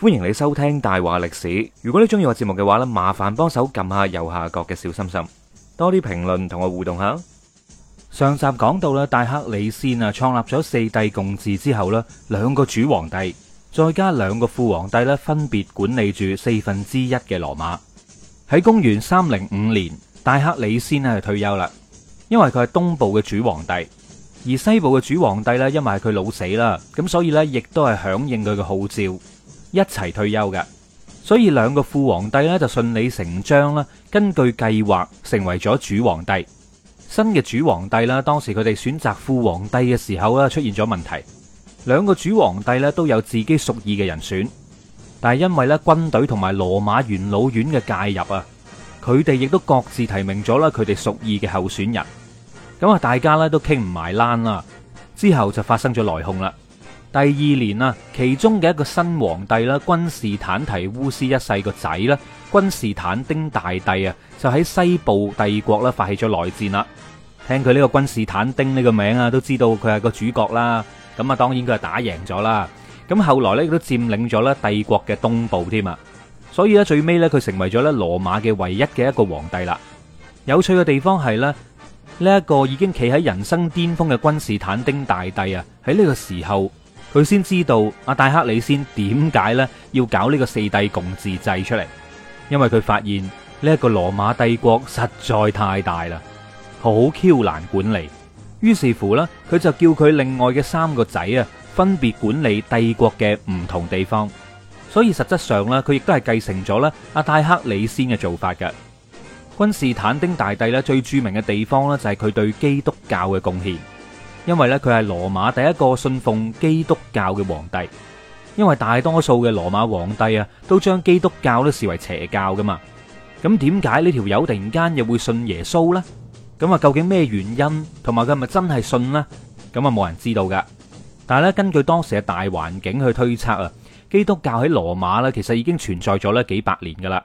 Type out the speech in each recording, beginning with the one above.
歡迎你收聽大話歷史。如果你中意我節目嘅話呢，麻煩幫手撳下右下角嘅小心心，多啲評論同我互動下。上集講到啦，戴克里先啊，創立咗四帝共治之後呢，兩個主皇帝再加兩個副皇帝呢，分別管理住四分之一嘅羅馬。喺公元三零五年，戴克里先呢就退休啦，因為佢係東部嘅主皇帝，而西部嘅主皇帝呢，因為係佢老死啦，咁所以呢，亦都係響應佢嘅號召。一齊退休嘅，所以兩個副皇帝咧就順理成章啦。根據計劃，成為咗主皇帝。新嘅主皇帝啦，當時佢哋選擇副皇帝嘅時候啦，出現咗問題。兩個主皇帝咧都有自己屬意嘅人選，但係因為咧軍隊同埋羅馬元老院嘅介入啊，佢哋亦都各自提名咗啦佢哋屬意嘅候選人。咁啊，大家咧都傾唔埋欄啦，之後就發生咗內訌啦。第二年啊，其中嘅一個新皇帝啦，君士坦提烏斯一世個仔啦，君士坦丁大帝啊，就喺西部帝國咧發起咗內戰啦。聽佢呢個君士坦丁呢個名啊，都知道佢係個主角啦。咁啊，當然佢係打贏咗啦。咁後來咧，佢都佔領咗咧帝國嘅東部添啊。所以咧，最尾咧，佢成為咗咧羅馬嘅唯一嘅一個皇帝啦。有趣嘅地方係咧，呢一個已經企喺人生巔峰嘅君士坦丁大帝啊，喺呢個時候。佢先知道阿戴克里先點解呢？要搞呢個四帝共治制出嚟，因為佢發現呢一個羅馬帝國實在太大啦，好 Q 難管理。於是乎呢，佢就叫佢另外嘅三個仔啊，分別管理帝國嘅唔同地方。所以實質上呢，佢亦都係繼承咗啦阿戴克里先嘅做法嘅。君士坦丁大帝咧，最著名嘅地方呢，就係佢對基督教嘅貢獻。因為咧佢係羅馬第一個信奉基督教嘅皇帝，因為大多數嘅羅馬皇帝啊都將基督教都視為邪教噶嘛，咁點解呢條友突然間又會信耶穌呢？咁啊究竟咩原因同埋佢係咪真係信呢？咁啊冇人知道噶。但係咧根據當時嘅大環境去推測啊，基督教喺羅馬咧其實已經存在咗咧幾百年噶啦，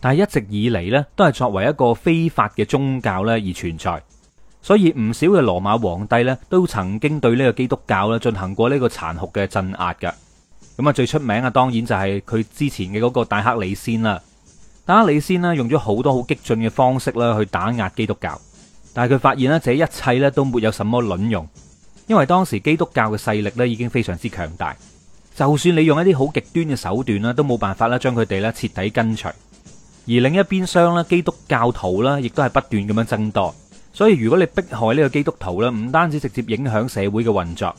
但係一直以嚟咧都係作為一個非法嘅宗教咧而存在。所以唔少嘅羅馬皇帝咧，都曾經對呢個基督教咧進行過呢個殘酷嘅鎮壓嘅。咁啊，最出名嘅當然就係佢之前嘅嗰個戴克里先啦。戴克里先啦，用咗好多好激進嘅方式啦，去打壓基督教。但係佢發現呢，這一切咧都沒有什麼卵用，因為當時基督教嘅勢力咧已經非常之強大，就算你用一啲好極端嘅手段啦，都冇辦法啦，將佢哋咧徹底根除。而另一邊廂咧，基督教徒啦，亦都係不斷咁樣增多。所以如果你迫害呢個基督徒咧，唔單止直接影響社會嘅運作，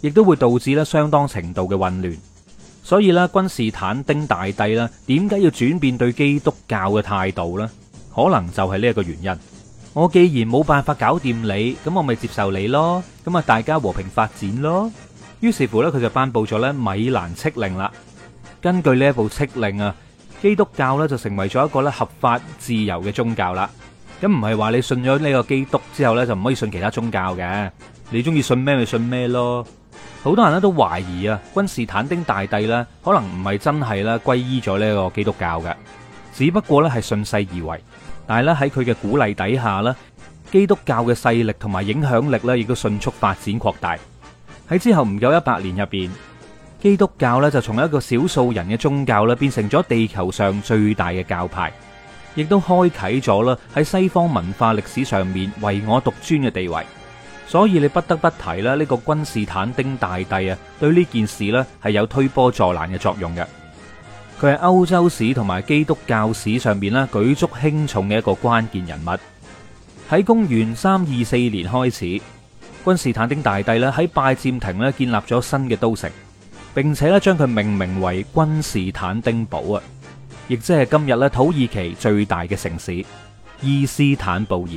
亦都會導致咧相當程度嘅混亂。所以咧，君士坦丁大帝咧，點解要轉變對基督教嘅態度呢？可能就係呢一個原因。我既然冇辦法搞掂你，咁我咪接受你咯，咁啊，大家和平發展咯。於是乎呢，佢就頒布咗咧米蘭敕令啦。根據呢一部敕令啊，基督教咧就成為咗一個咧合法自由嘅宗教啦。咁唔係話你信咗呢個基督之後呢，就唔可以信其他宗教嘅。你中意信咩咪信咩咯。好多人咧都懷疑啊，君士坦丁大帝呢可能唔係真係啦，皈依咗呢個基督教嘅，只不過呢係順勢而為。但係咧喺佢嘅鼓勵底下呢，基督教嘅勢力同埋影響力呢亦都迅速發展擴大。喺之後唔夠一百年入邊，基督教呢就從一個少數人嘅宗教呢變成咗地球上最大嘅教派。亦都開啟咗啦，喺西方文化歷史上面唯我獨尊嘅地位，所以你不得不提啦呢個君士坦丁大帝啊，對呢件事呢係有推波助瀾嘅作用嘅。佢係歐洲史同埋基督教史上面呢，舉足輕重嘅一個關鍵人物。喺公元三二四年開始，君士坦丁大帝咧喺拜占庭呢建立咗新嘅都城，並且呢將佢命名為君士坦丁堡啊。亦即係今日咧，土耳其最大嘅城市伊斯坦布爾。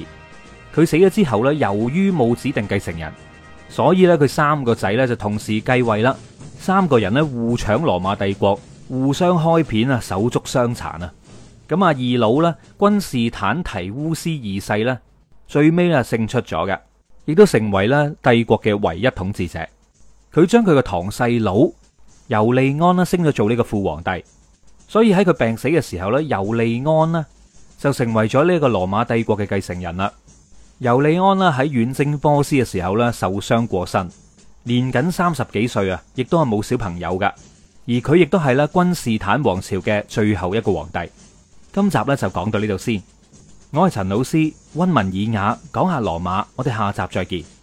佢死咗之後咧，由於冇指定繼承人，所以咧佢三個仔咧就同時繼位啦。三個人咧互搶羅馬帝國，互相開片啊，手足相殘啊。咁啊，二佬咧，君士坦提烏斯二世咧，最尾咧勝出咗嘅，亦都成為咧帝國嘅唯一統治者。佢將佢個堂細佬尤利安咧升咗做呢個副皇帝。所以喺佢病死嘅時候咧，尤利安呢就成為咗呢一個羅馬帝國嘅繼承人啦。尤利安啦喺遠征波斯嘅時候啦受傷過身，年僅三十幾歲啊，亦都係冇小朋友噶。而佢亦都係啦君士坦王朝嘅最後一個皇帝。今集咧就講到呢度先，我係陳老師，溫文爾雅講下羅馬，我哋下集再見。